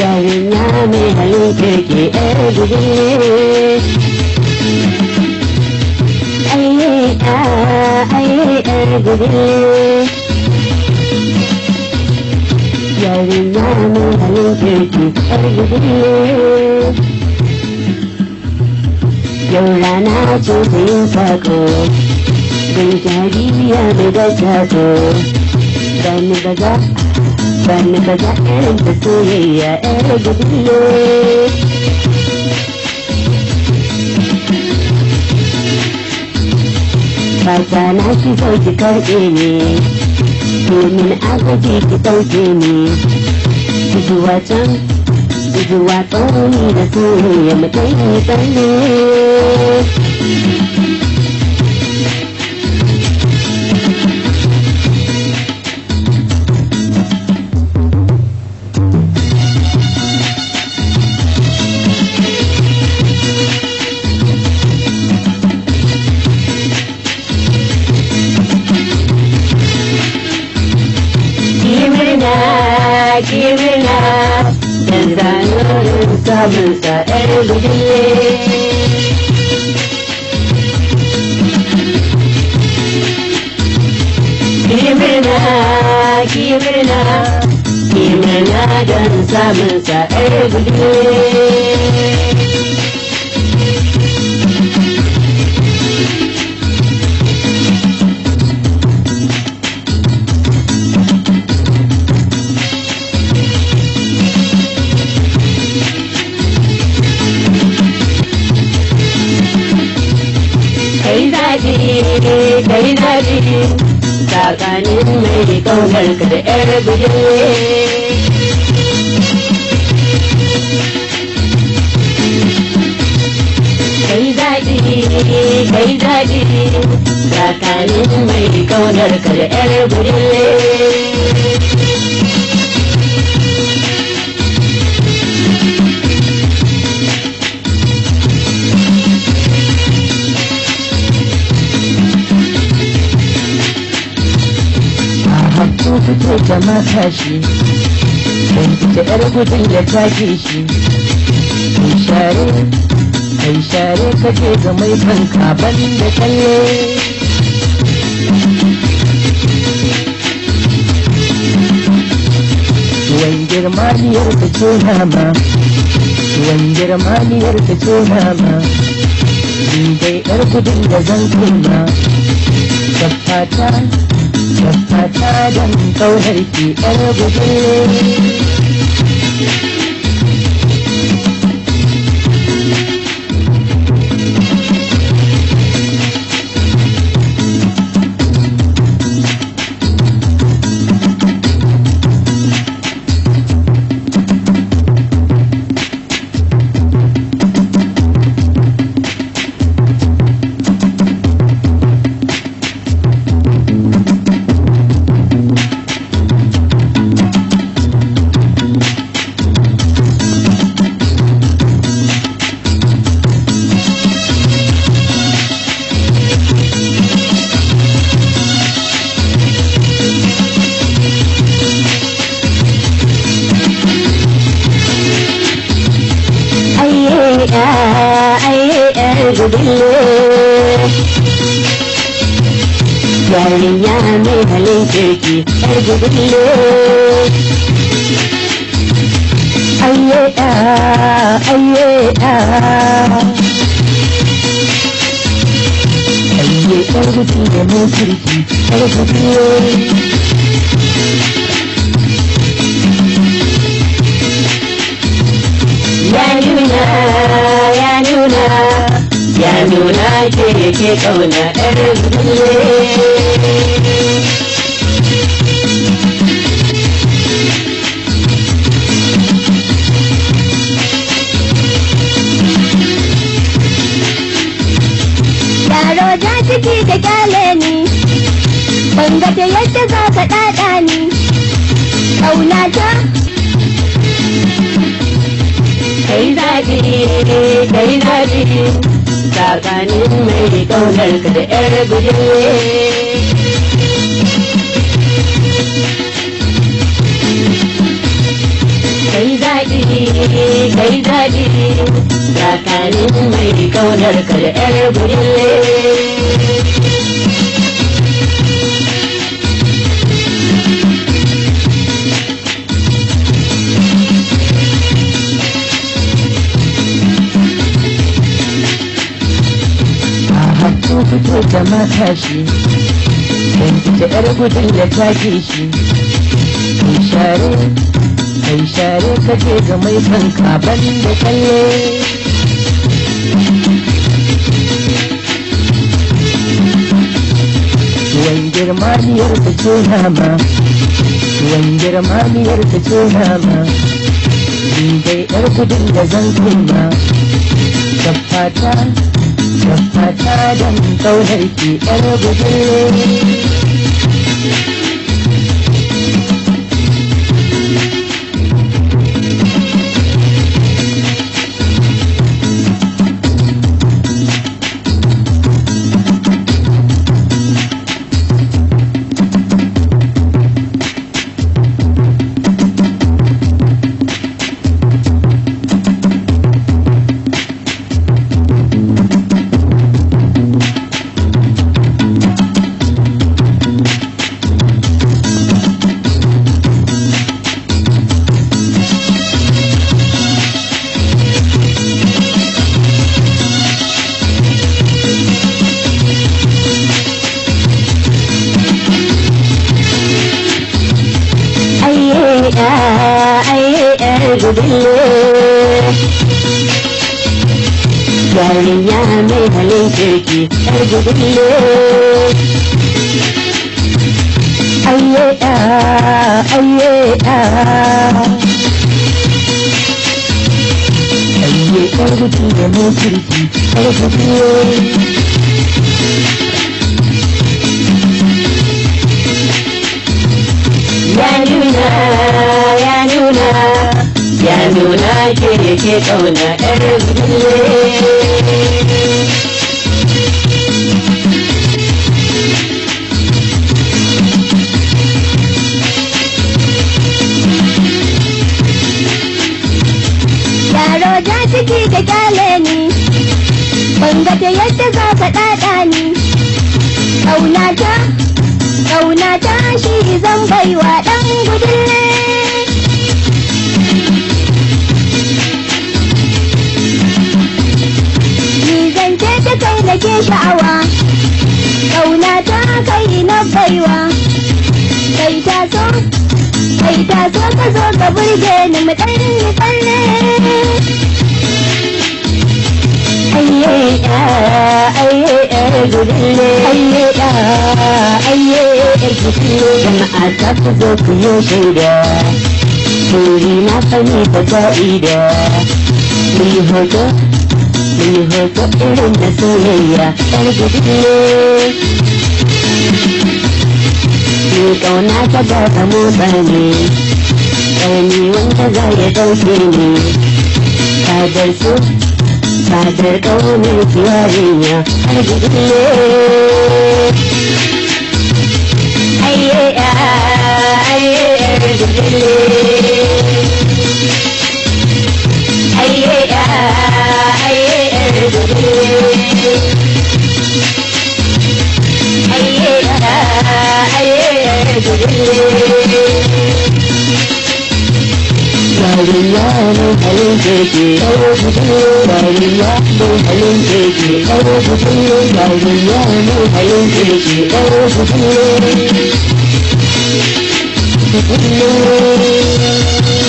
yawinami halunkeki egugi ay ay egugi yawinami halunkeki egugi Yolana chusin sako Gajariya megasako Dami baza bani ba za irin ya soyayya yar gudulo Fata na ki sauki karɓe ne domin agaji ki sauke ne ki zuwa can ki zuwa tsauni da soyayya mu kai ni sa every eh, day. Kimirna, kimirna, kimirna don samun daɗi tsakanin mai kaunar ka da yar budurwe kai daɗi kai daɗi tsakanin mai kaunar ka da yar budurwe da shi da yar gudun ya take shi mai share mai share kake ga mai fanka balin da kalle Tuwon girmaniyar ta ce nama, girma biyar ta ce nama, dai ɗar gudun da zan kuma, da fata tabbata don kaunar ki yar gudure ಬಿಡುವುದಿಲ್ಲೇ ಗಾಳಿಯ ಮೇಲೆ ಕೇಳಿ ಹರಿದುವುದಿಲ್ಲೇ ಅಯ್ಯೇ ಅಯ್ಯೇ ಕೈಯೇ ಕರಗುತ್ತಿದೆ ಮೂಸುರಿಸಿ ಕರಗುತ್ತಿಯೇ Yeah, you know, yeah, you know. ya nuna ke yake kauna ɗar yaro ciki da kyale ni ban gafe yadda za ka ɗaɗa ni ƙauna ta kai zaɓi kai tsakanin mai kaunar ka da yar budurwe kai daɗi kai daɗi tsakanin mai kaunar ka da yar budurwe da shi. Ganki da yar gudun da ta ke shi Kai share, kai share ce ga mai son kaban da kalle girma girmaniyar ta ce nama girma girmaniyar ta ce nama Ni dai yar gudun da zan kuma Tafata. Yamma ta dan tauhidi yar Yariyame halinkeki ergudille Ayye aa, ayye aa Ayye ergudille mokirki ergudille ya nuna ya nuna ya nuna ke ke kauna ɗan tashi zan baiwa ɗan gudun Zance ta kai ke sha'awa, ƙauna ta kai na baiwa, kai ta so, kai ta so ka zo ka burge ni mu ɗan mu tsalle. gulle da ayye kiyo jama'a ta ku zo ku yi shaida Kuri na sani ta ka'ida Mun yi hoto, mun yi hoto irin na soyayya Yar gulle Ni kauna ta ba ta motsa ne Ƙarni wanda za ya ɗauke ne Kadar su ಸಾಧಕೋನು ತಿವಾರಿಯ ಹರಿಯೇ ಅಯ್ಯೇ ಅಯ್ಯೇ ಅಯ್ಯೇ ಅಯ್ಯೇ ಅಯ್ಯೇ ಅಯ್ಯೇ Mariano, Mariano, Mariano, Mariano, Mariano, Mariano,